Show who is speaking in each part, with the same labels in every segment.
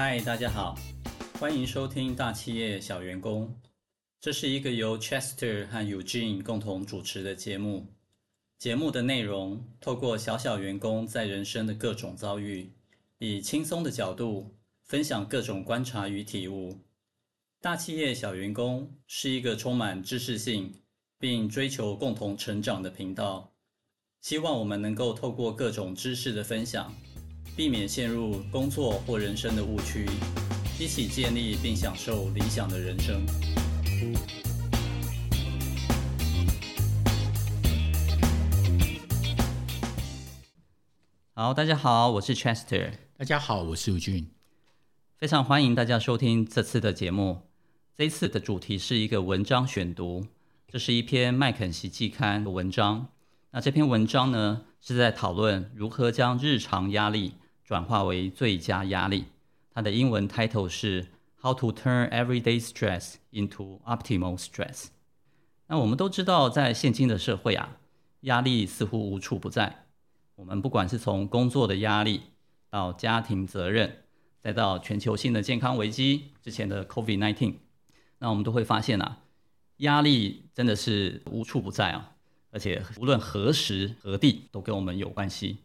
Speaker 1: 嗨，大家好，歡迎收聽大企業小員工。這是一個由 Chester 和 Eugene 共同主持的節目。節目的內容透過小小員工在人生的各種遭遇，以輕鬆的角度分享各種觀察與體悟。大企業小員工是一個充滿知識性，並追求共同成長的頻道。希望我們能夠透過各種知識的分享，避免陷入工作或人生的誤區，一起建立並享受理想的人生。嗯、好，大家好，我是 Chester。大家好，我是尤金。非常歡迎大家收聽這次的節目。這一次的主題是一個文章選讀，這是一篇麥肯錫季刊的文章。那這篇文章呢，是在討論如何將日常壓力轉化為最佳壓力。它的英文 title 是 “How to Turn Everyday Stress into Optimal Stress”。那我們都知道，在現今的社會啊，壓力似乎無處不在。我們不管是從工作的壓力，到家庭責任，再到全球性的健康危機，之前的 COVID-19，那我們都會發現啊，壓力真的是無處不在啊。而且無論何時何地都跟我們有關係。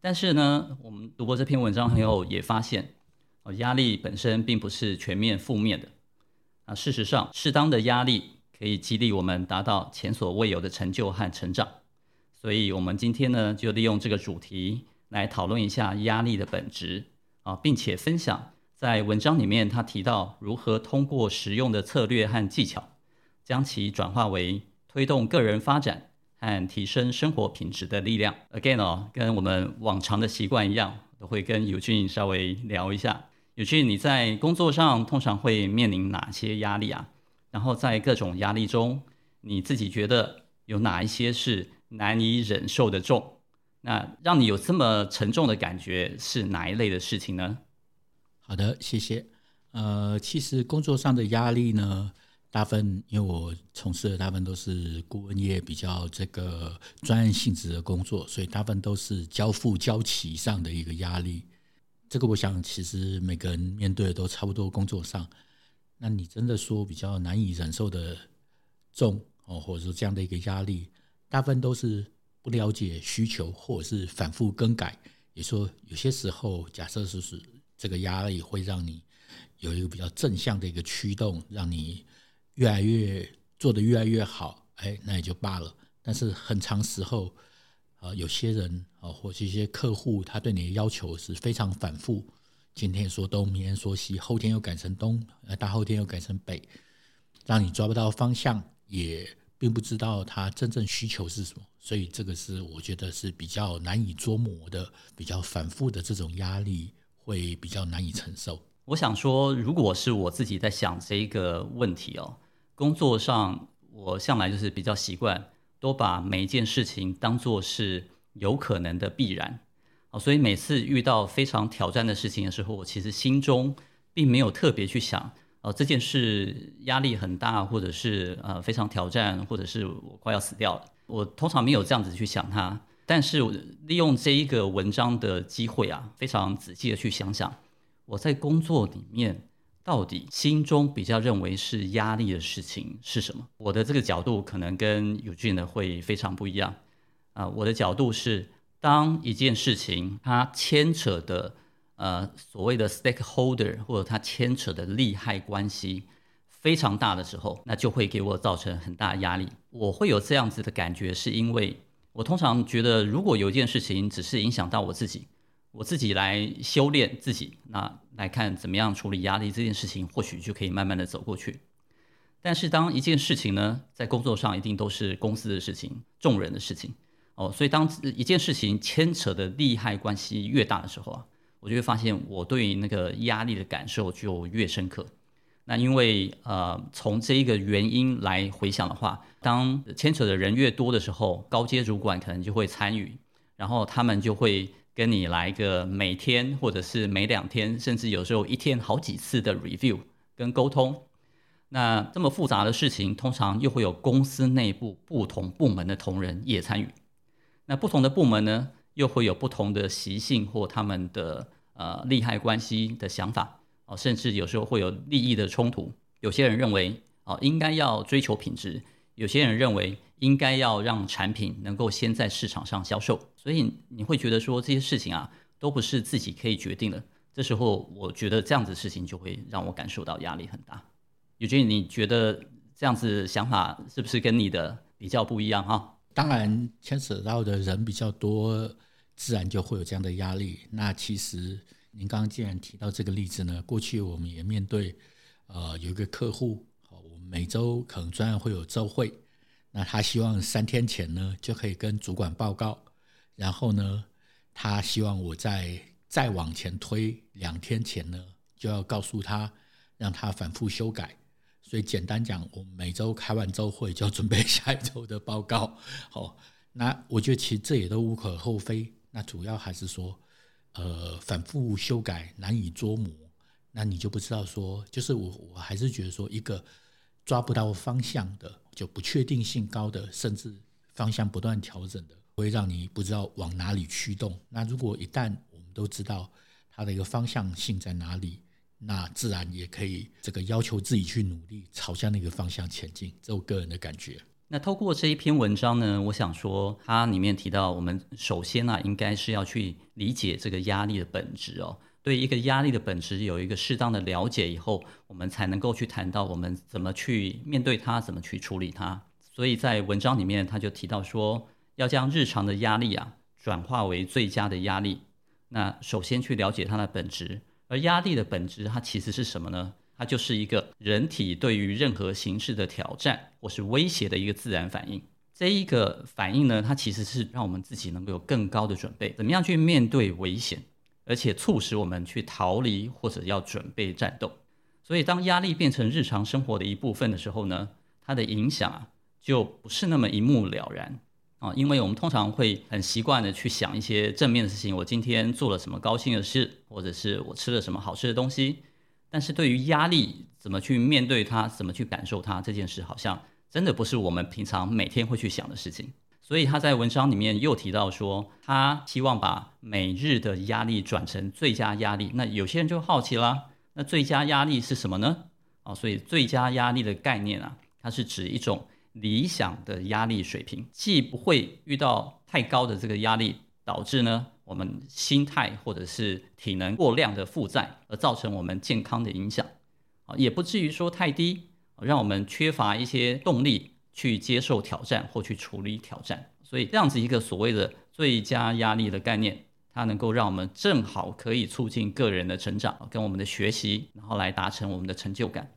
Speaker 1: 但是呢，我們讀過這篇文章以後也發現，啊，壓力本身並不是全面負面的。啊，事實上，適當的壓力可以激勵我們達到前所未有的成就和成長。所以，我們今天呢，就利用這個主題來討論一下壓力的本質啊，並且分享在文章裡面他提到如何通過實用的策略和技巧將其轉化為推動個人發展和提升生活品質的力量。Again 哦，跟我們往常的習慣一樣，我都會跟尤金稍微聊一下。尤金，你在工作上通常會面臨哪些壓力啊？然後在各種壓力中，你自己覺得有哪一些是難以忍受的重？那讓你有這麼沉重的感覺是哪一類的事情呢？
Speaker 2: 好的，謝謝。呃，其實工作上的壓力呢，大部分因為我從事的大部分都是顧問業，比較這個專案性質的工作，所以大部分都是交付交期上的一個壓力。這個我想，其實每個人面對的都差不多。工作上，那你真的說比較難以忍受的重哦，或者說這樣的一個壓力，大部分都是不了解需求，或者是反覆更改。也說有些時候，假設說是這個壓力會讓你有一個比較正向的一個驅動，讓你。越來越做得越來越好，哎，那也就罷了。但是很長時候，呃，有些人，呃，或者一些客戶，他對你的要求是非常反覆，今天說東，明天說西，後天又改成東，呃，大後天又改成北，讓你抓不到方向，也並不知道他真正需求是什麼。所以這個是我覺得是比較難以捉摸的，比較反覆的這種壓力會比較難以承
Speaker 1: 受。我想說，如果是我自己在想這一個問題哦。工作上，我向來就是比較習慣，都把每一件事情當做是有可能的必然。所以每次遇到非常挑戰的事情的時候，我其實心中並沒有特別去想，哦，這件事壓力很大，或者是呃非常挑戰，或者是我快要死掉了。我通常沒有這樣子去想它。但是我利用這一個文章的機會啊，非常仔細的去想想，我在工作裡面。到底心中比較認為是壓力的事情是什麼？我的這個角度可能跟 Eugene 的會非常不一樣啊、呃。我的角度是，當一件事情它牽扯的呃所謂的 stakeholder 或者它牽扯的利害關係非常大的時候，那就會給我造成很大壓力。我會有這樣子的感覺，是因為我通常覺得，如果有一件事情只是影響到我自己，我自己來修煉自己，那。來看怎麼樣處理壓力這件事情，或許就可以慢慢的走過去。但是當一件事情呢，在工作上一定都是公司的事情、眾人的事情哦，所以當一件事情牽扯的利害關係越大的時候啊，我就會發現我對於那個壓力的感受就越深刻。那因為呃，從這一個原因來回想的話，當牽扯的人越多的時候，高階主管可能就會參與，然後他們就會。跟你來一個每天，或者是每兩天，甚至有時候一天好幾次的 review 跟溝通。那這麼複雜的事情，通常又會有公司內部不同部門的同仁也參與。那不同的部門呢，又會有不同的習性或他們的呃利害關係的想法哦，甚至有時候會有利益的衝突。有些人認為哦，應該要追求品質。有些人認為應該要讓產品能夠先在市場上銷售，所以你會覺得說這些事情啊都不是自己可以決定的。這時候我覺得這樣子事情就會讓我感受到壓力很大。尤金，你覺得這樣子想法是不是跟你的比較不一樣啊？
Speaker 2: 當然，牽扯到的人比較多，自然就會有這樣的壓力。那其實您剛剛既然提到這個例子呢，過去我們也面對，呃，有一個客戶。每週可能專案會有週會，那他希望三天前呢就可以跟主管報告，然後呢，他希望我再再往前推兩天前呢就要告訴他，讓他反覆修改。所以簡單講，我每週開完週會就要準備下一週的報告。好，那我覺得其實這也都無可厚非。那主要還是說，呃，反覆修改難以捉摸，那你就不知道說，就是我我還是覺得說一個。抓不到方向的，就不確定性高的，甚至方向不斷調整的，會讓你不知道往哪裡驅動。那如果一旦我們都知道它的一個方向性在哪裡，那自然也可以這個要求自己去努力，朝向那個方向前進。這我個人的感覺。
Speaker 1: 那透過這一篇文章呢，我想說，它裡面提到，我們首先呢、啊，應該是要去理解這個壓力的本質哦。對一個壓力的本質有一個適當的了解以後，我們才能夠去談到我們怎麼去面對它，怎麼去處理它。所以在文章裡面他就提到說，要將日常的壓力啊轉化為最佳的壓力。那首先去了解它的本質，而壓力的本質它其實是什麼呢？它就是一個人體對於任何形式的挑戰或是威脅的一個自然反應。這一個反應呢，它其實是讓我們自己能夠有更高的準備，怎麼樣去面對危險。而且促使我們去逃離或者要準備戰鬥，所以當壓力變成日常生活的一部分的時候呢，它的影響啊就不是那麼一目了然啊，因為我們通常會很習慣的去想一些正面的事情，我今天做了什麼高興的事，或者是我吃了什麼好吃的東西，但是對於壓力怎麼去面對它，怎麼去感受它這件事，好像真的不是我們平常每天會去想的事情。所以他在文章裡面又提到說，他希望把每日的壓力轉成最佳壓力。那有些人就好奇啦，那最佳壓力是什麼呢？啊，所以最佳壓力的概念啊，它是指一種理想的壓力水平，既不會遇到太高的這個壓力，導致呢我們心態或者是體能過量的負載而造成我們健康的影響，啊，也不至於說太低，讓我們缺乏一些動力。去接受挑戰或去處理挑戰，所以這樣子一個所謂的最佳壓力的概念，它能夠讓我們正好可以促進個人的成長，跟我們的學習，然後來達成我們的成就感。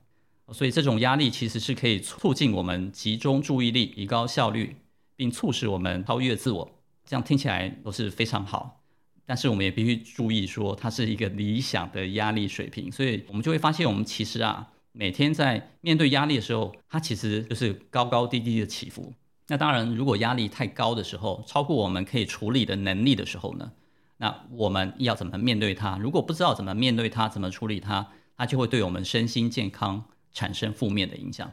Speaker 1: 所以這種壓力其實是可以促進我們集中注意力、提高效率，並促使我們超越自我。這樣聽起來都是非常好，但是我們也必須注意說，它是一個理想的壓力水平。所以我們就會發現，我們其實啊。每天在面對壓力的時候，它其實就是高高低低的起伏。那當然，如果壓力太高的時候，超過我們可以處理的能力的時候呢，那我們要怎麼面對它？如果不知道怎麼面對它，怎麼處理它，它就會對我們身心健康產生負面的影響。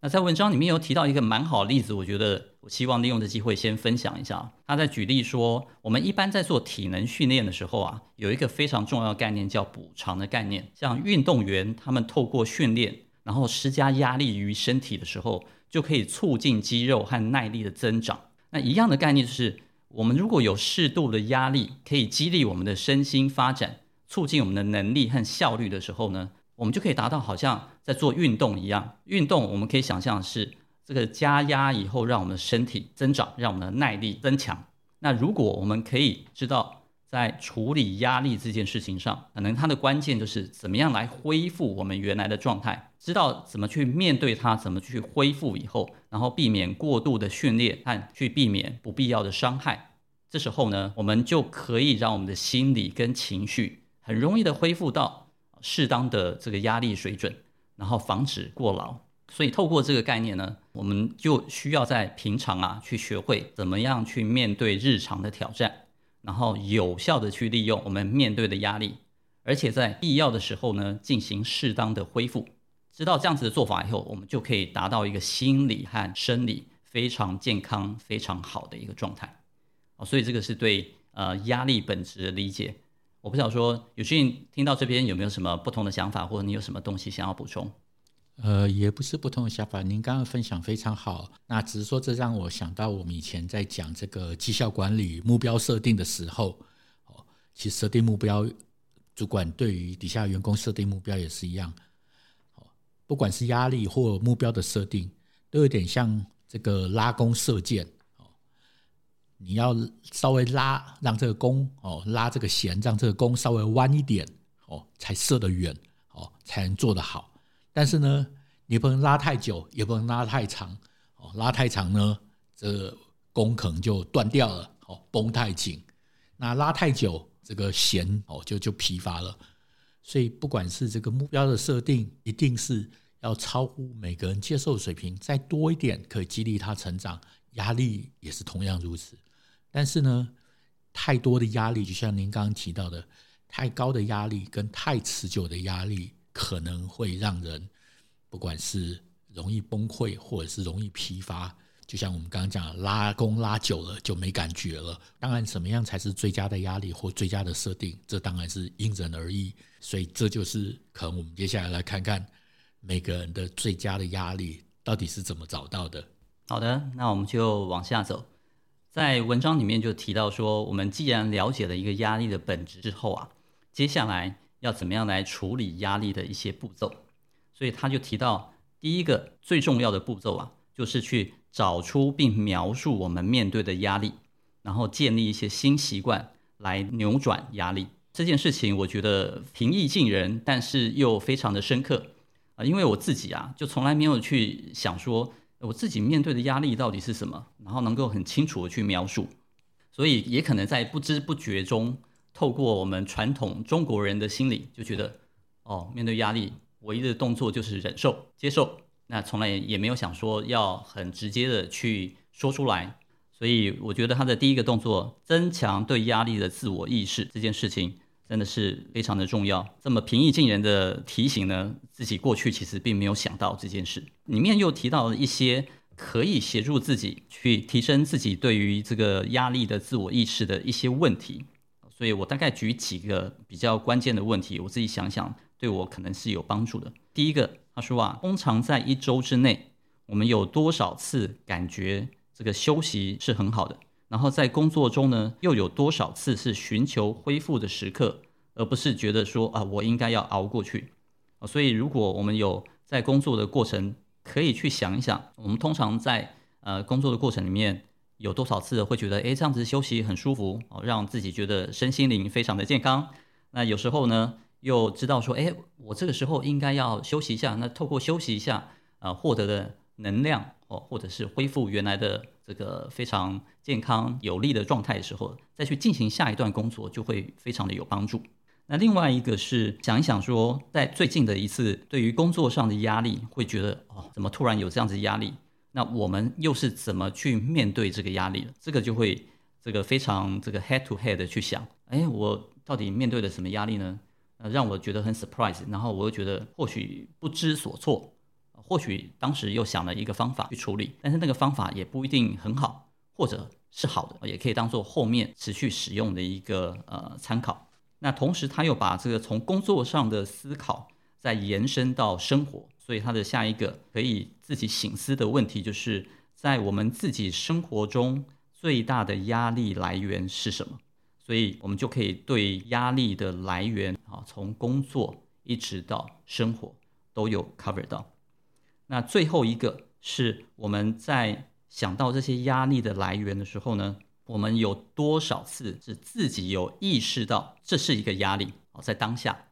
Speaker 1: 那在文章裡面有提到一個蠻好的例子，我覺得我希望利用這機會先分享一下。他在舉例說，我們一般在做體能訓練的時候啊，有一個非常重要的概念叫補償的概念。像運動員他們透過訓練，然後施加壓力於身體的時候，就可以促進肌肉和耐力的增長。那一樣的概念就是，我們如果有適度的壓力，可以激勵我們的身心發展，促進我們的能力和效率的時候呢，我們就可以達到好像。在做運動一樣，運動我們可以想象是這個加壓以後，讓我們的身體增長，讓我們的耐力增強。那如果我們可以知道，在處理壓力這件事情上，可能它的關鍵就是怎麼樣來恢復我們原來的狀態，知道怎麼去面對它，怎麼去恢復以後，然後避免過度的訓練和去避免不必要的傷害。這時候呢，我們就可以讓我們的心理跟情緒很容易的恢復到適當的這個壓力水準。然後防止過勞，所以透過這個概念呢，我們就需要在平常啊去學會怎麼樣去面對日常的挑戰，然後有效的去利用我們面對的壓力，而且在必要的時候呢，進行適當的恢復。知道這樣子的做法以後，我們就可以達到一個心理和生理非常健康、非常好的一個狀態。所以這個是對呃壓力本質的理解。我不想說，尤金聽到這邊有沒有什麼不同的想法，或者你有什麼東西想要補充？
Speaker 2: 呃，也不是不同的想法，您剛剛分享非常好。那只是說，這讓我想到我們以前在講這個績效管理目標設定的時候，哦，其實設定目標，主管對於底下員工設定目標也是一樣。哦，不管是壓力或目標的設定，都有點像這個拉弓射箭。你要稍微拉，讓這個弓哦，拉這個弦，讓這個弓稍微彎一點哦，才射得遠哦，才能做得好。但是呢，你不能拉太久，也不能拉太長哦。拉太長呢，這個弓可能就斷掉了哦。繃太緊，那拉太久，這個弦哦就就疲乏了。所以，不管是這個目標的設定，一定是要超乎每個人接受的水平再多一點，可以激勵他成長。壓力也是同樣如此。但是呢，太多的壓力，就像您剛剛提到的，太高的壓力跟太持久的壓力，可能會讓人不管是容易崩潰，或者是容易疲乏。就像我們剛剛講的，拉弓拉久了就沒感覺了。當然，什麼樣才是最佳的壓力或最佳的設定，這當然是因人而異。所以，這就是可能我們接下來來看看每個人的最佳的壓
Speaker 1: 力到底是怎麼找到的。好的，那我們就往下走。在文章裡面就提到說，我們既然了解了一個壓力的本質之後啊，接下來要怎麼樣來處理壓力的一些步驟。所以他就提到，第一個最重要的步驟啊，就是去找出並描述我們面對的壓力，然後建立一些新習慣來扭轉壓力這件事情。我覺得平易近人，但是又非常的深刻啊，因為我自己啊，就從來沒有去想說。我自己面對的壓力到底是什麼，然後能夠很清楚的去描述，所以也可能在不知不覺中，透過我們傳統中國人的心理就覺得，哦，面對壓力，唯一的動作就是忍受、接受，那從來也沒有想說要很直接的去說出來。所以我覺得他的第一個動作，增強對壓力的自我意識這件事情，真的是非常的重要。這麼平易近人的提醒呢，自己過去其實並沒有想到這件事。裡面又提到了一些可以協助自己去提升自己對於這個壓力的自我意識的一些問題。所以我大概舉幾個比較關鍵的問題，我自己想想，對我可能是有幫助的。第一個，他說啊，通常在一周之內，我們有多少次感覺這個休息是很好的？然後在工作中呢，又有多少次是尋求恢復的時刻，而不是覺得說啊，我應該要熬過去。哦、所以，如果我們有在工作的過程，可以去想一想，我們通常在呃工作的過程裡面，有多少次會覺得，哎，這樣子休息很舒服，哦，讓自己覺得身心靈非常的健康。那有時候呢，又知道說，哎，我這個時候應該要休息一下。那透過休息一下，啊、呃，獲得的能量，哦，或者是恢復原來的。這個非常健康有利的狀態的時候，再去進行下一段工作，就會非常的有幫助。那另外一個是想一想說，說在最近的一次對於工作上的壓力，會覺得哦，怎麼突然有這樣子壓力？那我們又是怎麼去面對這個壓力的？這個就會這個非常這個 head to head 的去想，哎，我到底面對了什麼壓力呢？讓我覺得很 surprise，然後我又覺得或許不知所措。或許當時又想了一個方法去處理，但是那個方法也不一定很好，或者是好的，也可以當做後面持續使用的一個呃參考。那同時他又把這個從工作上的思考再延伸到生活，所以他的下一個可以自己省思的問題，就是在我們自己生活中最大的壓力來源是什麼？所以我們就可以對壓力的來源啊，從工作一直到生活都有 cover 到。那最後一個是我們在想到這些壓力的來源的時候呢，我們有多少次是自己有意識到這是一個壓力哦，在當下，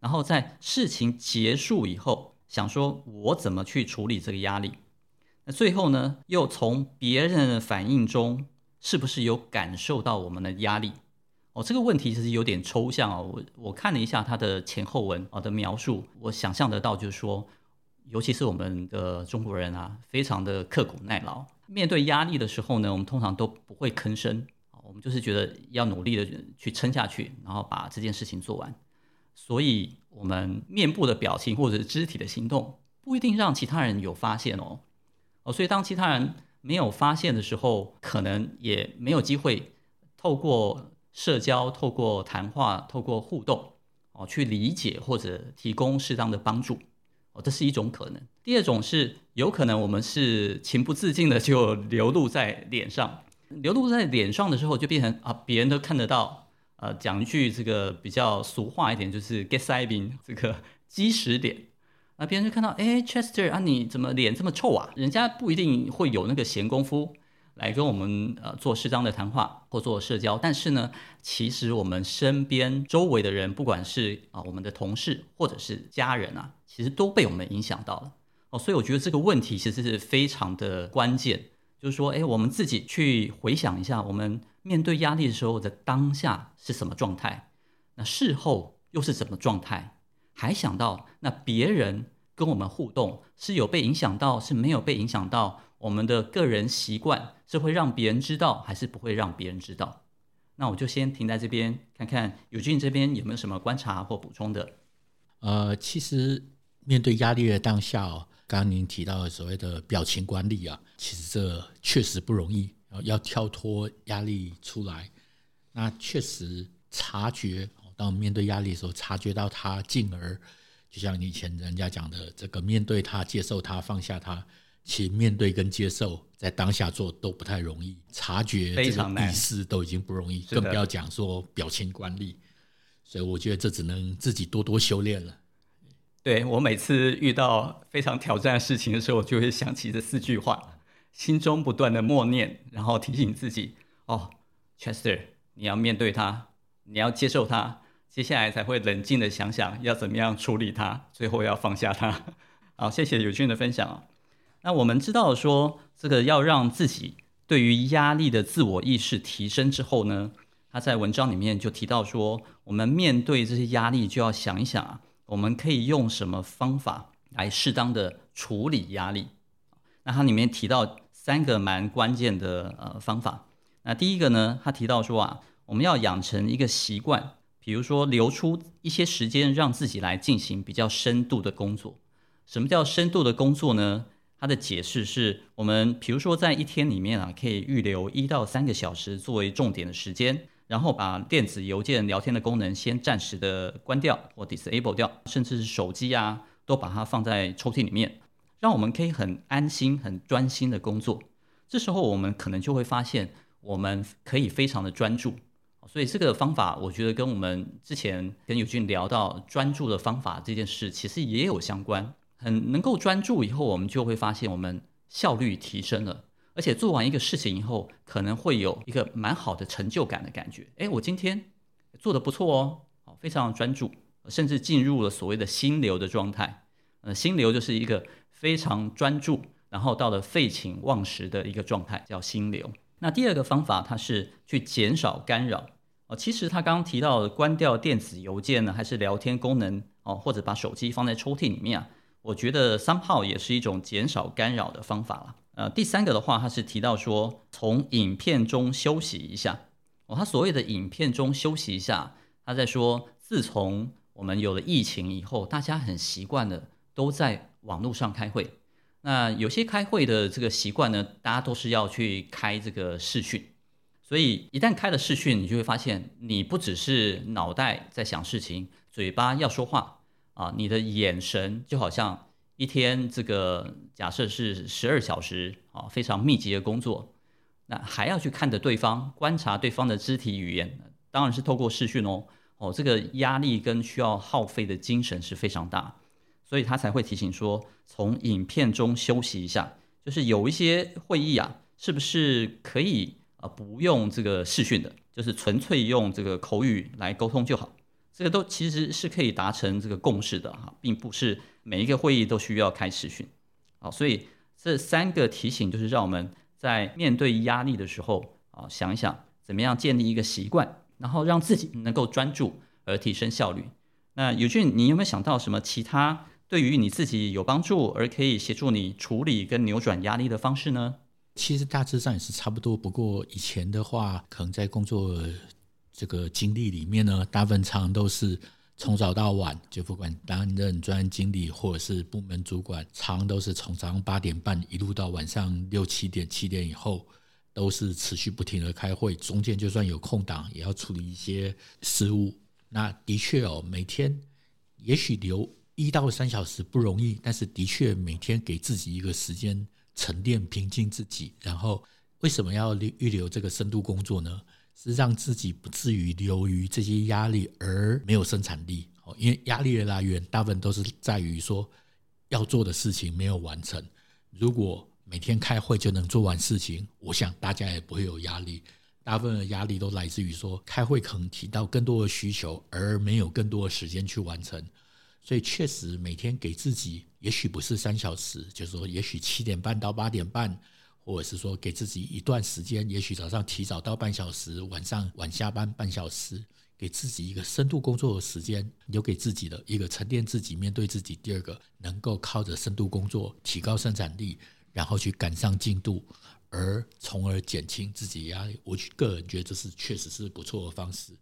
Speaker 1: 然後在事情結束以後想說我怎麼去處理這個壓力？那最後呢，又從別人的反應中是不是有感受到我們的壓力？哦，這個問題其實有點抽象啊。我我看了一下它的前後文啊的描述，我想象得到就是說。尤其是我們的中國人啊，非常的刻苦耐勞。面對壓力的時候呢，我們通常都不會吭聲，我們就是覺得要努力的去撐下去，然後把這件事情做完。所以，我們面部的表情或者肢體的行動不一定讓其他人有發現哦。哦，所以當其他人沒有發現的時候，可能也沒有機會透過社交、透過談話、透過互動哦，去理解或者提供適當的幫助。哦，這是一種可能。第二種是有可能我們是情不自禁的就流露在臉上，流露在臉上的時候就變成啊，別人都看得到。呃，講一句這個比較俗話一點，就是 get sidebin 這個基石臉。那、啊、別人就看到，哎，Chester 啊，你怎麼臉這麼臭啊？人家不一定會有那個閒工夫來跟我們呃做適當的談話或做社交。但是呢，其實我們身邊周圍的人，不管是啊、呃、我們的同事或者是家人啊。其實都被我們影響到了哦，所以我覺得這個問題其實是非常的關鍵。就是說，誒、哎，我們自己去回想一下，我們面對壓力的時候的當下是什麼狀態，那事後又是什麼狀態？還想到那別人跟我們互動是有被影響到，是沒有被影響到？我們的個人習慣是會讓別人知道，還是不會讓別人知道？那我就先停在這邊，看看尤金這邊有沒有什麼觀察或補充的。
Speaker 2: 呃，其實。面對壓力的當下哦，剛剛您提到的所謂的表情管理啊，其實這確實不容易。要跳脫壓力出來，那確實察覺，當我們面對壓力的時候，察覺到它，進而就像以前人家講的，這個面對它、接受它、放下它，去面對跟接受，在當下做都不太容易。察覺非常難，意識都已經不容易，更不要講說表情管理。所以我覺得這只能自己多多修煉了。
Speaker 1: 對，我每次遇到非常挑戰的事情的時候，就會想起這四句話，心中不斷的默念，然後提醒自己：哦，Chester，你要面對它，你要接受它，接下來才會冷靜的想想要怎麼樣處理它，最後要放下它。好，謝謝尤金的分享。那我們知道說，這個要讓自己對於壓力的自我意識提升之後呢，他在文章裡面就提到說，我們面對這些壓力就要想一想啊。我們可以用什麼方法來適當的處理壓力？那它裡面提到三個蠻關鍵的呃方法。那第一個呢，他提到說啊，我們要養成一個習慣，比如說留出一些時間讓自己來進行比較深度的工作。什麼叫深度的工作呢？他的解釋是我們比如說在一天裡面啊，可以預留一到三個小時作為重點的時間。然後把電子郵件、聊天的功能先暫時的關掉或 disable 掉，甚至是手機呀、啊，都把它放在抽屜裡面，讓我們可以很安心、很專心的工作。這時候我們可能就會發現，我們可以非常的專注。所以這個方法，我覺得跟我們之前跟尤金聊到專注的方法這件事，其實也有相關。很能夠專注以後，我們就會發現我們效率提升了。而且做完一個事情以後，可能會有一個蠻好的成就感的感覺。哎，我今天做的不錯哦，哦，非常專注，甚至進入了所謂的“心流”的狀態。呃，心流就是一個非常專注，然後到了廢寢忘食的一個狀態，叫心流。那第二個方法，它是去減少干擾。哦，其實他剛剛提到的關掉電子郵件呢，還是聊天功能哦，或者把手機放在抽屜裡面啊，我覺得 somehow 也是一種減少干擾的方法啦。呃，第三個的話，他是提到說，從影片中休息一下。哦，他所謂的影片中休息一下，他在說，自從我們有了疫情以後，大家很習慣的都在網絡上開會。那有些開會的這個習慣呢，大家都是要去開這個視訊。所以一旦開了視訊，你就會發現，你不只是腦袋在想事情，嘴巴要說話啊，你的眼神就好像。一天，這個假設是十二小時啊，非常密集的工作，那還要去看着對方，觀察對方的肢體語言，當然是透過視訊哦。哦，這個壓力跟需要耗費的精神是非常大，所以他才會提醒說，從影片中休息一下，就是有一些會議啊，是不是可以啊不用這個視訊的，就是純粹用這個口語來溝通就好。這個都其實是可以達成這個共識的哈，並不是每一個會議都需要開視訊。好，所以這三個提醒就是讓我們在面對壓力的時候啊，想一想怎麼樣建立一個習慣，然後讓自己能夠專注而提升效率。那尤金，你有沒有想到什麼其他對於你自己有幫助而可以協助你處理跟扭轉壓力的方式呢？
Speaker 2: 其實大致上也是差不多，不過以前的話可能在工作，這個經歷裡面呢，大部分常都是從早到晚，就不管擔任專案經理或者是部門主管，常都是從早上八點半一路到晚上六七點七點以後，都是持續不停的開會，中間就算有空檔，也要處理一些事務。那的確哦，每天也許留一到三小時不容易，但是的確每天給自己一個時間沉澱、平靜自己。然後，為什麼要預留這個深度工作呢？是讓自己不至於流於這些壓力而沒有生產力。因為壓力的來源大部分都是在於說要做的事情沒有完成。如果每天開會就能做完事情，我想大家也不會有壓力。大部分的壓力都來自於說開會可能提到更多的需求，而沒有更多的時間去完成。所以，確實每天給自己也許不是三小時，就是說也許七點半到八點半。或者是說，給自己一段時間，也許早上提早到半小時，晚上晚下班半小時，給自己一個深度工作的時間，留給自己的一個沉澱自己、面對自己。第二個，能夠靠着深度工作提高生產力，然後去趕上進度，而從而減輕自己壓力。我個人覺得這是確實是不錯的方式。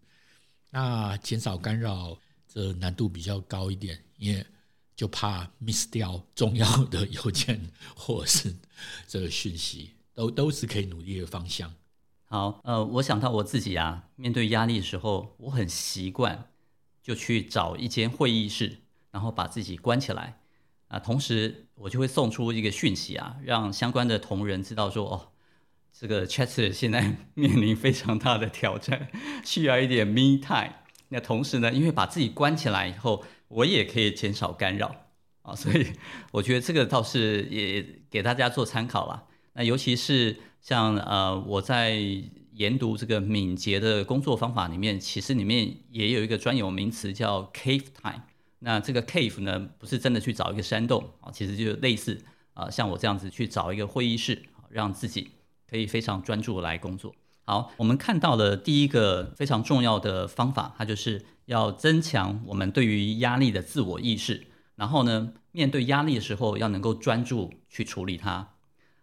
Speaker 2: 那減少干擾，這難度比較高一點，因為就怕 miss 掉重要的郵件或
Speaker 1: 是這個訊息，都都是可以努力的方向。好，呃，我想到我自己啊，面對壓力的時候，我很習慣就去找一間會議室，然後把自己關起來。啊、呃，同時我就會送出一個訊息啊，讓相關的同仁知道說，哦，這個 Chester 現在面臨非常大的挑戰，需要一點 me time。那同時呢，因為把自己關起來以後，我也可以減少干擾啊，所以我覺得這個倒是也給大家做參考吧。那尤其是像呃，我在研讀這個敏捷的工作方法裡面，其實裡面也有一個專有名詞叫 Cave Time。那這個 Cave 呢，不是真的去找一個山洞啊，其實就類似啊，像我這樣子去找一個會議室啊，讓自己可以非常專注來工作。好，我們看到了第一個非常重要的方法，它就是要增強我們對於壓力的自我意識，然後呢，面對壓力的時候，要能夠專注去處理它。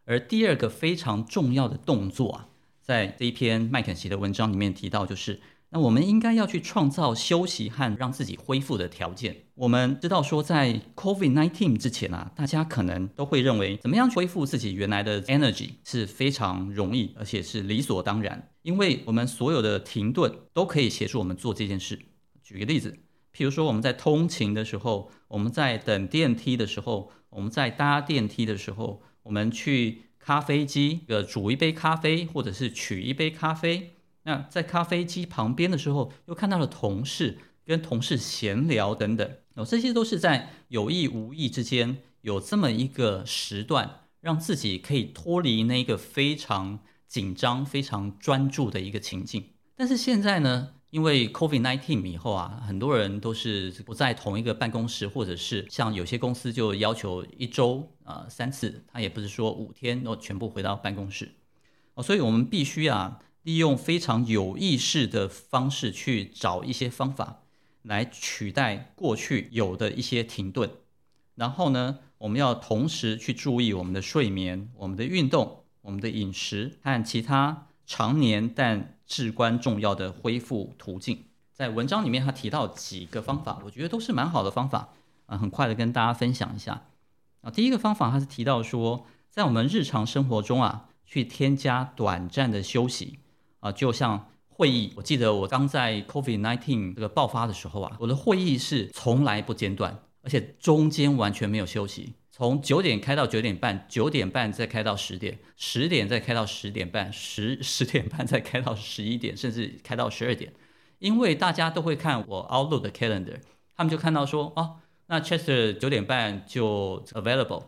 Speaker 1: 而第二個非常重要的動作啊，在這一篇麥肯錫的文章裡面提到，就是。那我們應該要去創造休息和讓自己恢復的條件。我們知道說，在 COVID-19 之前啊，大家可能都會認為怎麼樣去恢復自己原來的 energy 是非常容易，而且是理所當然。因為我們所有的停頓都可以協助我們做這件事。舉個例子，譬如說我們在通勤的時候，我們在等電梯的時候，我們在搭電梯的時候，我們去咖啡機，呃，煮一杯咖啡，或者是取一杯咖啡。那在咖啡機旁邊的時候，又看到了同事跟同事閒聊等等，哦，這些都是在有意無意之間有這麼一個時段，讓自己可以脫離那個非常緊張、非常專注的一個情境。但是現在呢，因為 COVID-19 以後啊，很多人都是不在同一個辦公室，或者是像有些公司就要求一週啊三次，他也不是說五天哦全部回到辦公室，哦，所以我們必須啊，利用非常有意識的方式去找一些方法來取代過去有的一些停頓，然後呢，我們要同時去注意我們的睡眠、我們的運動、我們的飲食和其他常年但至關重要的恢復途徑。在文章裡面他提到幾個方法，我覺得都是蠻好的方法啊，很快的跟大家分享一下啊。第一個方法他是提到說，在我們日常生活中啊，去添加短暫的休息。啊，就像會議，我記得我剛在 COVID nineteen 這個爆發的時候啊，我的會議是從來不間斷，而且中間完全沒有休息，從九點開到九點半，九點半再開到十點，十點再開到十點半，十十點半再開到十一點，甚至開到十二點，因為大家都會看我 Outlook 的 Calendar，他們就看到說，哦，那 Chester 九點半就 available，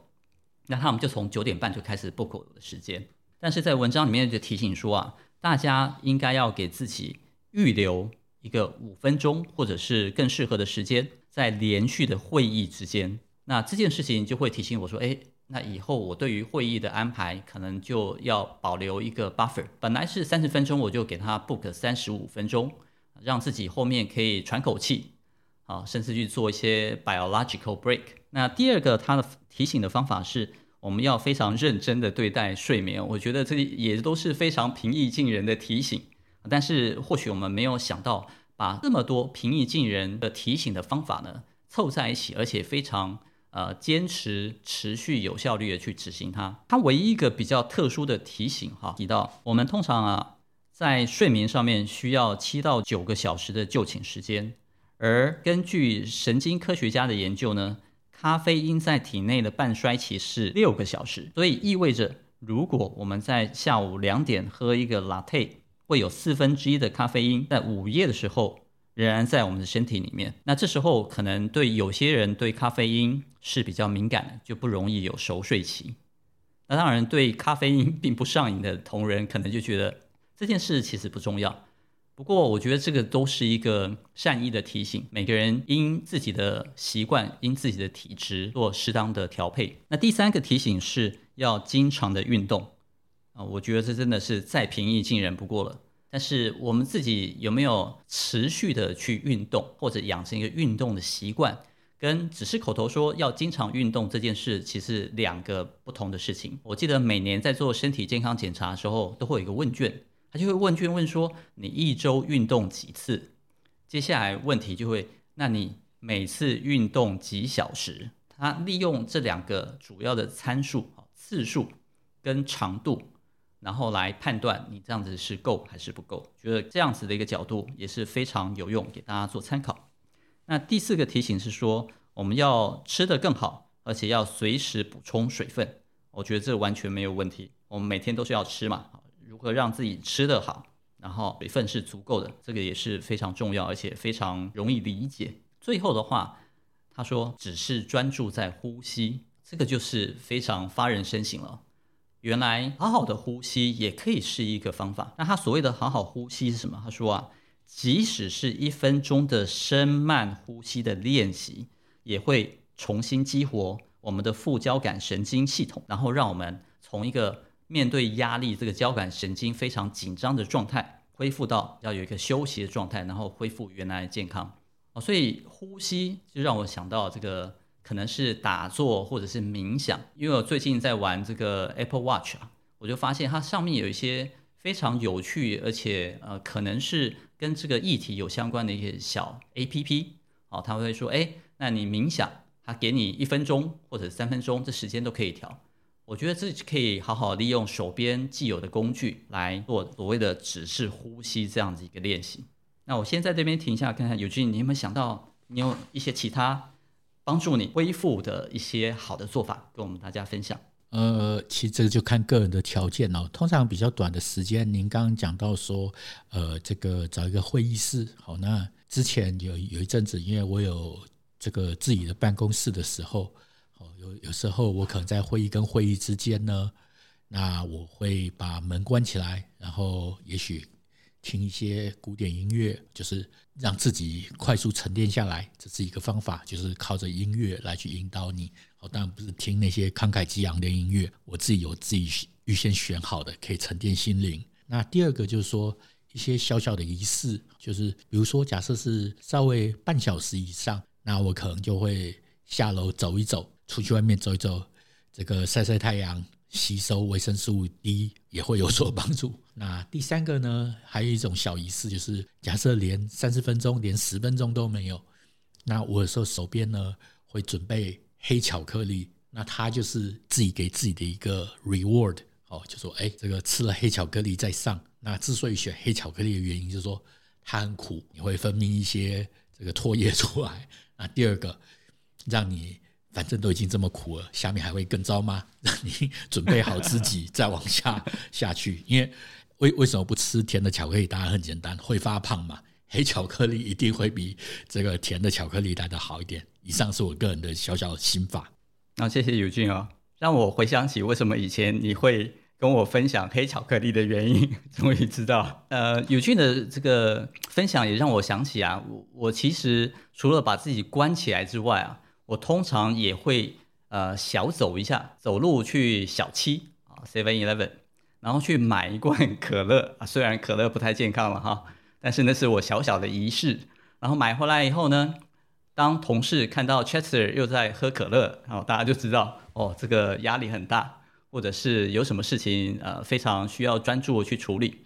Speaker 1: 那他們就從九點半就開始 book 的時間，但是在文章裡面就提醒說啊。大家應該要給自己預留一個五分鐘，或者是更適合的時間，在連續的會議之間。那這件事情就會提醒我說：“哎，那以後我對於會議的安排，可能就要保留一個 buffer。本來是三十分鐘，我就給他 book 三十五分鐘，讓自己後面可以喘口氣，啊，甚至去做一些 biological break。”那第二個，它的提醒的方法是，我們要非常認真的對待睡眠，我覺得這也都是非常平易近人的提醒。但是或許我們沒有想到，把這麼多平易近人的提醒的方法呢湊在一起，而且非常呃堅持、持續、有效率的去執行它。它唯一一個比較特殊的提醒哈，提到我們通常啊在睡眠上面需要七到九個小時的就寢時間，而根據神經科學家的研究呢。咖啡因在體內的半衰期是六個小時，所以意味着，如果我們在下午兩點喝一個 latte，會有四分之一的咖啡因在午夜的時候仍然在我們的身體裡面。那這時候可能對有些人對咖啡因是比較敏感的，就不容易有熟睡期。那當然，對咖啡因並不上癮的同仁，可能就覺得這件事其實不重要。不過，我覺得這個都是一個善意的提醒，每個人因自己的習慣、因自己的體質做適當的調配。那第三個提醒是要經常的運動啊，我覺得這真的是再平易近人不過了。但是我們自己有沒有持續的去運動，或者養成一個運動的習慣，跟只是口頭說要經常運動這件事，其實兩個不同的事情。我記得每年在做身體健康檢查的時候，都會有一個問卷。他就會問卷問說：“你一周運動幾次？”接下來問題就會：“那你每次運動幾小時？”他利用這兩個主要的參數，次數跟長度，然後來判斷你這樣子是夠還是不夠。覺得這樣子的一個角度也是非常有用，給大家做參考。那第四個提醒是說，我們要吃得更好，而且要隨時補充水分。我覺得這完全沒有問題，我們每天都是要吃嘛。如何讓自己吃得好，然後水分是足夠的，這個也是非常重要，而且非常容易理解。最後的話，他說只是專注在呼吸，這個就是非常發人深省了。原來好好的呼吸也可以是一個方法。那他所謂的好好呼吸是什麼？他說啊，即使是一分鐘的深慢呼吸的練習，也會重新激活我們的副交感神經系統，然後讓我們從一個。面對壓力，這個交感神經非常緊張的狀態，恢復到要有一個休息的狀態，然後恢復原來健康。哦，所以呼吸就讓我想到這個可能是打坐或者是冥想。因為我最近在玩這個 Apple Watch 啊，我就發現它上面有一些非常有趣，而且呃可能是跟這個議題有相關的一些小 APP 哦，它會說，哎，那你冥想，它給你一分鐘或者三分鐘，這時間都可以調。我覺得自己可以好好利用手邊既有的工具來做所謂的只是呼吸這樣子一個練習。那我先在這邊停一下，看看尤金你有沒有想到你有一些其他幫助你恢復的一些好的做法跟我們大家分享。
Speaker 2: 呃，其實這個就看個人的條件哦，通常比較短的時間，您剛剛講到說，呃，這個找一個會議室。好，那之前有有一陣子，因為我有這個自己的辦公室的時候。有有時候我可能在會議跟會議之間呢，那我會把門關起來，然後也許聽一些古典音樂，就是讓自己快速沉澱下來，這是一個方法，就是靠着音樂來去引導你。當然不是聽那些慷慨激昂的音樂，我自己有自己預先選好的可以沉澱心靈。那第二個就是說一些小小的儀式，就是比如說假設是稍微半小時以上，那我可能就會下樓走一走。出去外面走一走，這個曬曬太陽，吸收維生素 D 也會有所幫助。那第三個呢，還有一種小儀式，就是假設連三十分鐘、連十分鐘都沒有，那我有時候手邊呢會準備黑巧克力，那它就是自己給自己的一個 reward 哦，就說哎，這個吃了黑巧克力再上。那之所以選黑巧克力的原因，就是說它很苦，你會分泌一些這個唾液出來。那第二個，讓你。反正都已經這麼苦了，下面還會更糟嗎？那 你準備好自己再往下 下去，因為為為什麼不吃甜的巧克力？當然很簡單，會發胖嘛。黑巧克力一定會比這個甜的巧克力來得好一點。以上是我個人的小小心法。
Speaker 1: 那、啊、謝謝尤金哦，讓我回想起為什麼以前你會跟我分享黑巧克力的原因。終於知道，呃，尤金的這個分享也讓我想起啊，我我其實除了把自己關起來之外啊。我通常也會呃小走一下，走路去小七啊，Seven Eleven，然後去買一罐可樂啊，雖然可樂不太健康了哈，但是那是我小小的儀式。然後買回來以後呢，當同事看到 Chester 又在喝可樂，然後，哦，大家就知道哦，這個壓力很大，或者是有什麼事情呃非常需要專注去處理。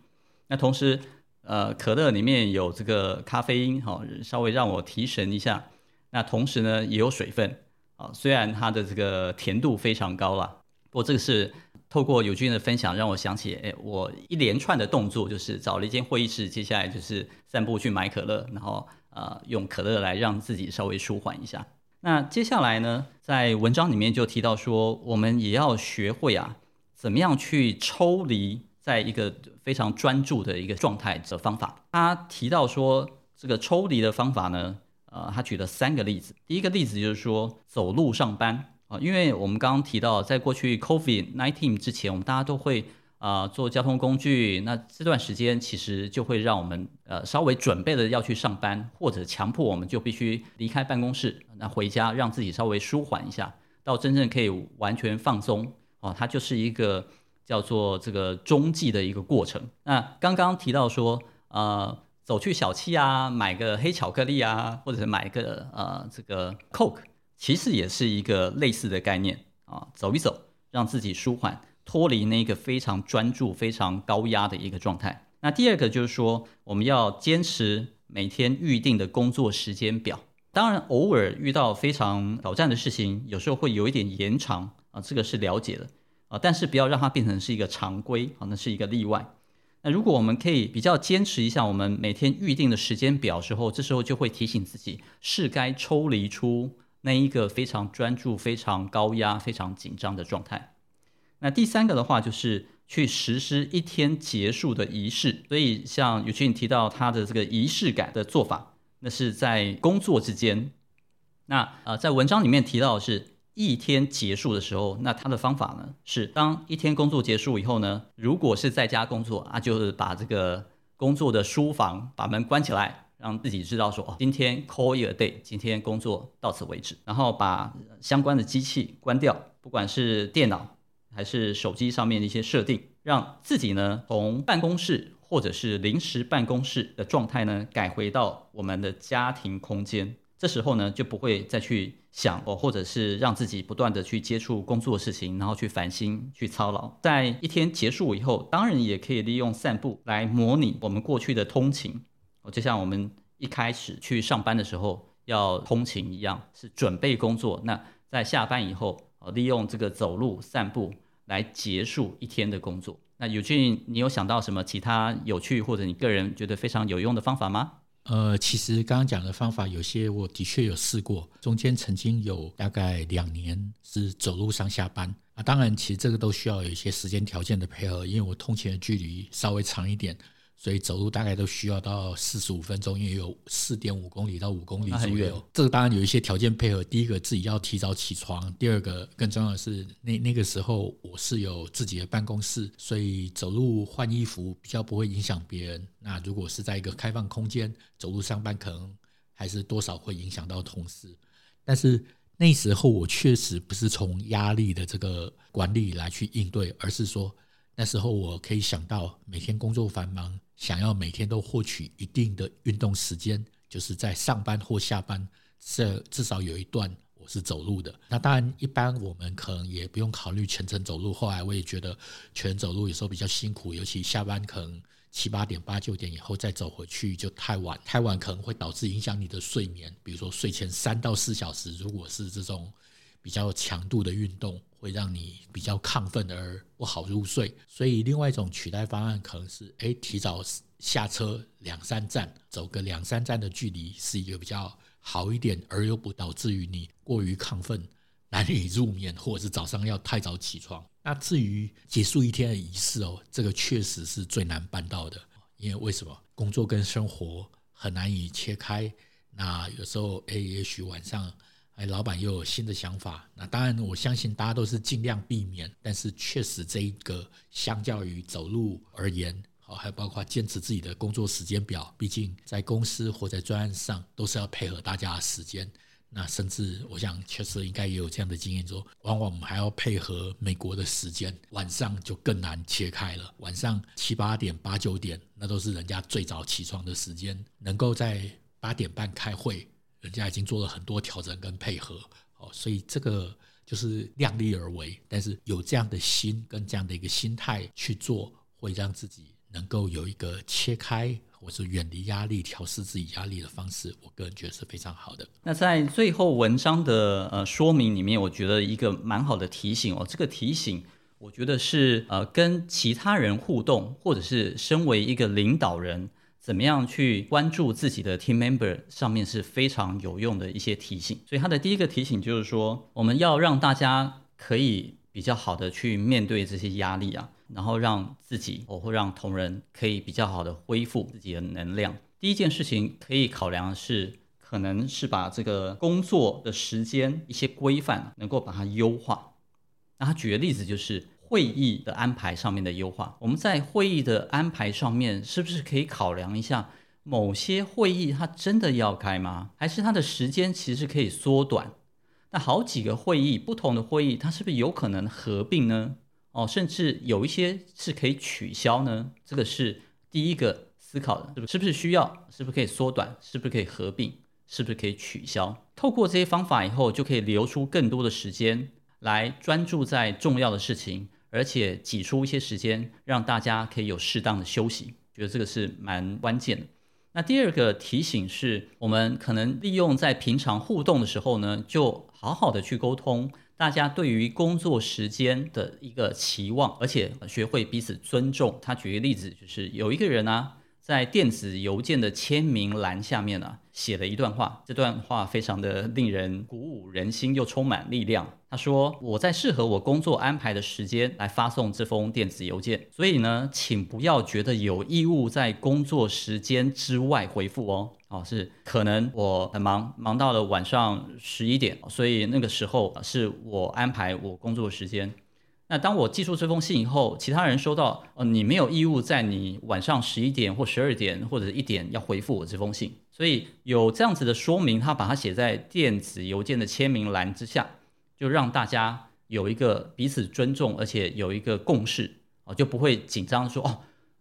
Speaker 1: 那同時呃可樂裡面有這個咖啡因，哦，稍微讓我提神一下。那同時呢，也有水分啊、哦，雖然它的這個甜度非常高啦，不過這個是透過尤金的分享，讓我想起，誒、欸、我一連串的動作就是找了一間會議室，接下來就是散步去買可樂，然後呃，用可樂來讓自己稍微舒緩一下。那接下來呢，在文章裡面就提到說，我們也要學會啊，怎麼樣去抽離在一個非常專注的一個狀態的方法。他提到說，這個抽離的方法呢，呃，他舉了三個例子。第一個例子就是說，走路上班啊，因為我們剛剛提到，在過去 COVID-19 之前，我們大家都會啊、呃、做交通工具。那這段時間其實就會讓我們呃稍微準備了要去上班，或者強迫我們就必須離開辦公室、啊，那回家讓自己稍微舒緩一下，到真正可以完全放鬆哦。它就是一個叫做這個中繼的一個過程。那剛剛提到說呃、啊。走去小七啊，買個黑巧克力啊，或者是買個呃這個 Coke，其實也是一個類似的概念啊。走一走，讓自己舒緩，脫離那個非常專注、非常高壓的一個狀態。那第二個就是說，我們要堅持每天預定的工作時間表。當然，偶爾遇到非常挑戰的事情，有時候會有一點延長啊，這個是了解的啊，但是不要讓它變成是一個常規啊，那是一個例外。那如果我們可以比較堅持一下我們每天預定的時間表時候，這時候就會提醒自己是該抽離出那一個非常專注、非常高壓、非常緊張的狀態。那第三個的話就是去實施一天結束的儀式。所以像尤金提到他的這個儀式感的做法，那是在工作之間。那呃，在文章裡面提到的是。一天結束的時候，那他的方法呢是：當一天工作結束以後呢，如果是在家工作啊，就是把這個工作的書房把門關起來，讓自己知道說哦，今天 call it a day，今天工作到此為止，然後把相關的機器關掉，不管是電腦還是手機上面的一些設定，讓自己呢從辦公室或者是臨時辦公室的狀態呢改回到我們的家庭空間。這時候呢，就不會再去想哦，或者是讓自己不斷的去接觸工作的事情，然後去煩心、去操勞。在一天結束以後，當然也可以利用散步來模擬我們過去的通勤，就像我們一開始去上班的時候要通勤一樣，是準備工作。那在下班以後，利用這個走路散步來結束一天的工作。那尤金，你有想到什麼其他有趣或者你個人覺得非常有用的方法嗎？
Speaker 2: 呃，其實剛剛講的方法有些，我的確有試過。中間曾經有大概兩年是走路上下班啊，當然其實這個都需要有一些時間條件的配合，因為我通勤的距離稍微長一點。所以走路大概都需要到四十五分鐘，也有四點五公里到五公里左右。這個當然有一些條件配合。第一個自己要提早起床，第二個更重要的是，那那個時候我是有自己的辦公室，所以走路換衣服比較不會影響別人。那如果是在一個開放空間走路上班，可能還是多少會影響到同事。但是那時候我確實不是從壓力的這個管理來去應對，而是說。那時候我可以想到，每天工作繁忙，想要每天都獲取一定的運動時間，就是在上班或下班，這至少有一段我是走路的。那當然，一般我們可能也不用考慮全程走路。後來我也覺得全走路有時候比較辛苦，尤其下班可能七八點、八九點以後再走回去就太晚，太晚可能會導致影響你的睡眠。比如說睡前三到四小時，如果是這種比較強度的運動。會讓你比較亢奮而不好入睡，所以另外一種取代方案可能是，哎，提早下車兩三站，走個兩三站的距離，是一個比較好一點，而又不導致於你過於亢奮、難以入眠，或者是早上要太早起床。那至於結束一天的儀式哦，這個確實是最難辦到的，因為為什麼工作跟生活很難以切開？那有時候，哎，也許晚上。哎，老闆又有新的想法。那當然，我相信大家都是盡量避免。但是確實，這一個相較於走路而言，哦，還包括堅持自己的工作時間表。畢竟，在公司或在專案上，都是要配合大家的時間。那甚至，我想，確實應該也有這樣的經驗說，就往往我們還要配合美國的時間，晚上就更難切開了。晚上七八點、八九點，那都是人家最早起床的時間，能夠在八點半開會。人家已經做了很多調整跟配合，哦，所以這個就是量力而為。但是有這樣的心跟這樣的一個心態去做，會讓自己能夠有一個切開或者是遠離壓力、調適自己壓力的方式。我個人覺得是非常好的。
Speaker 1: 那在最後文章的，呃，說明裡面，我覺得一個蠻好的提醒哦。這個提醒，我覺得是，呃，跟其他人互動，或者是身為一個領導人。怎麼樣去關注自己的 team member 上面是非常有用的一些提醒。所以他的第一個提醒就是說，我們要讓大家可以比較好的去面對這些壓力啊，然後讓自己或會讓同仁可以比較好的恢復自己的能量。第一件事情可以考量的是，可能是把這個工作的時間一些規範能夠把它優化。那他舉的例子就是。會議的安排上面的優化，我們在會議的安排上面是不是可以考量一下？某些會議它真的要開嗎？還是它的時間其實是可以縮短？那好幾個會議，不同的會議，它是不是有可能合併呢？哦，甚至有一些是可以取消呢？這個是第一個思考的，是不是？不是需要？是不是可以縮短？是不是可以合併？是不是可以取消？透過這些方法以後，就可以留出更多的時間來專注在重要的事情。而且擠出一些時間，讓大家可以有適當的休息，覺得這個是蠻關鍵的。那第二個提醒是，我們可能利用在平常互動的時候呢，就好好的去溝通大家對於工作時間的一個期望，而且學會彼此尊重。他舉個例子，就是有一個人呢、啊，在電子郵件的簽名欄下面呢、啊。寫了一段話，這段話非常的令人鼓舞人心，又充滿力量。他說：“我在適合我工作安排的時間來發送這封電子郵件，所以呢，請不要覺得有義務在工作時間之外回覆哦。哦，是可能我很忙，忙到了晚上十一點，所以那個時候是我安排我工作時間。”那當我寄出這封信以後，其他人收到，呃，你沒有義務在你晚上十一點或十二點或者一點要回復我這封信，所以有這樣子的說明，他把它寫在電子郵件的簽名欄之下，就讓大家有一個彼此尊重，而且有一個共識，啊、呃，就不會緊張說，哦，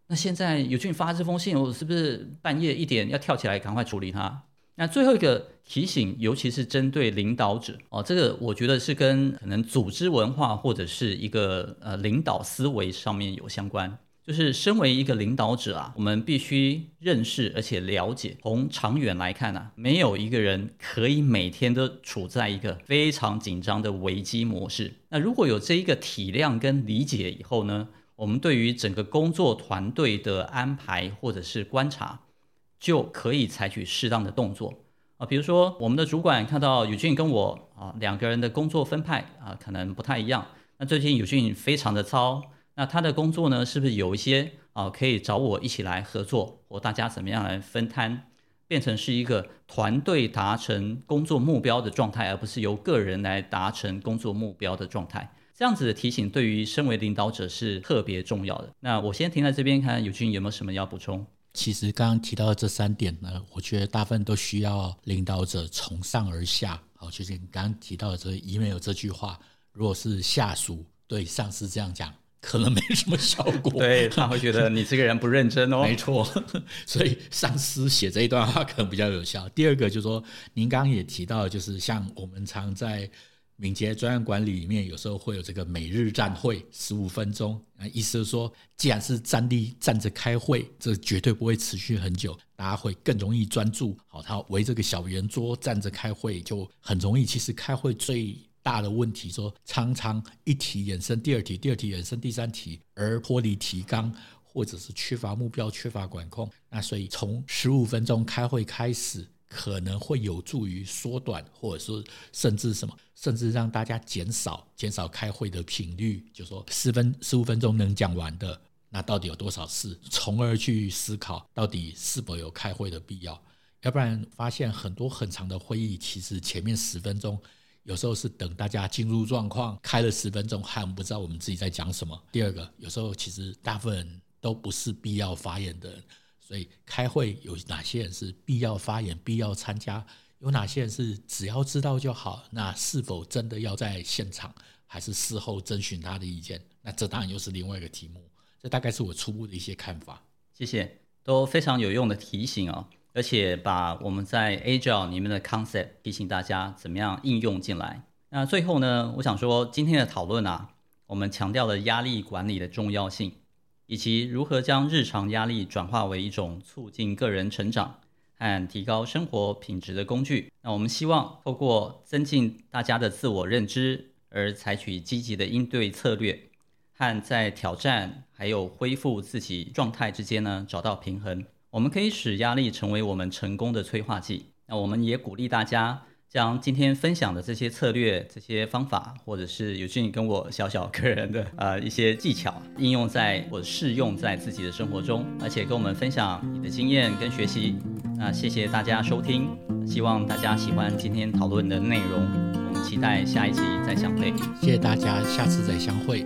Speaker 1: 那現在有俊發這封信，我是不是半夜一點要跳起來趕快處理它？那最後一個提醒，尤其是針對領導者哦，這個我覺得是跟可能組織文化或者是一個呃領導思維上面有相關。就是身為一個領導者啊，我們必須認識而且了解，從長遠來看呢，啊，沒有一個人可以每天都處在一個非常緊張的危機模式。那如果有這一個體諒跟理解以後呢，我們對於整個工作團隊的安排或者是觀察。就可以採取適當的動作啊，比如說我們的主管看到尤金跟我啊兩個人的工作分派啊可能不太一樣，那最近尤金非常的糟，那他的工作呢，是不是有一些啊可以找我一起來合作，或大家怎麼樣來分攤，變成是一個團隊達成工作目標的狀態，而不是由個人來達成工作目標的狀態。這樣子的提醒對於身為領導者是特別重要的。那我先停在這邊，看看尤金有，有沒有什麼要補充。其實
Speaker 2: 剛剛提到的這三點呢，我覺得大部分都需要領導者從上而下。好，就是您剛剛提到的這裡面有這句話，如果是下屬對上司這樣講，可能沒
Speaker 1: 什麼效果。對，他會覺得你這個人不認真哦。 沒錯，所以
Speaker 2: 上司寫這一段話可能比較有效。第二個就是說，您剛剛也提到，就是像我們常在。敏捷專案管理裡面有時候會有這個每日站會，十五分鐘，那意思是說，既然是站立站着開會，這絕對不會持續很久，大家會更容易專注。好，他圍這個小圓桌站着開會就很容易。其實開會最大的問題說，常常一題衍生第二題，第二題衍生第三題，而脫離提綱或者是缺乏目標、缺乏管控。那所以從十五分鐘開會開始。可能會有助於縮短，或者說甚至什麼，甚至讓大家減少減少開會的頻率。就是說十分十五分鐘能講完的，那到底有多少事？從而去思考到底是否有開會的必要。要不然發現很多很長的會議，其實前面十分鐘有時候是等大家進入狀況，開了十分鐘還不知道我們自己在講什麼。第二個，有時候其實大部分人都不是必要發言的人。所以開會有哪些人是必要發言、必要參加？有哪些人是只要知道就好？那是否真的要在現場，還是事後徵詢他的意見？那這當然又是另外一個題目。這大概是我初步的一些看法。
Speaker 1: 謝謝，都非常有用的提醒哦，而且把我們在 Agile 裡面的 concept 提醒大家怎麼樣應用進來。那最後呢，我想說今天的討論啊，我們強調了壓力管理的重要性。以及如何將日常壓力轉化為一種促進個人成長和提高生活品質的工具。那我們希望透過增進大家的自我認知，而採取積極的應對策略，和在挑戰還有恢復自己狀態之間呢，找到平衡。我們可以使壓力成為我們成功的催化劑。那我們也鼓勵大家。將今天分享的這些策略、這些方法，或者是尤其你跟我小小個人的呃一些技巧，應用在或適用在自己的生活中，而且跟我們分享你的經驗跟學習。那、呃、謝謝大家收聽，希望大家喜歡今天討論的內容。我們期待下一期再相會。謝謝大家，下次再相會。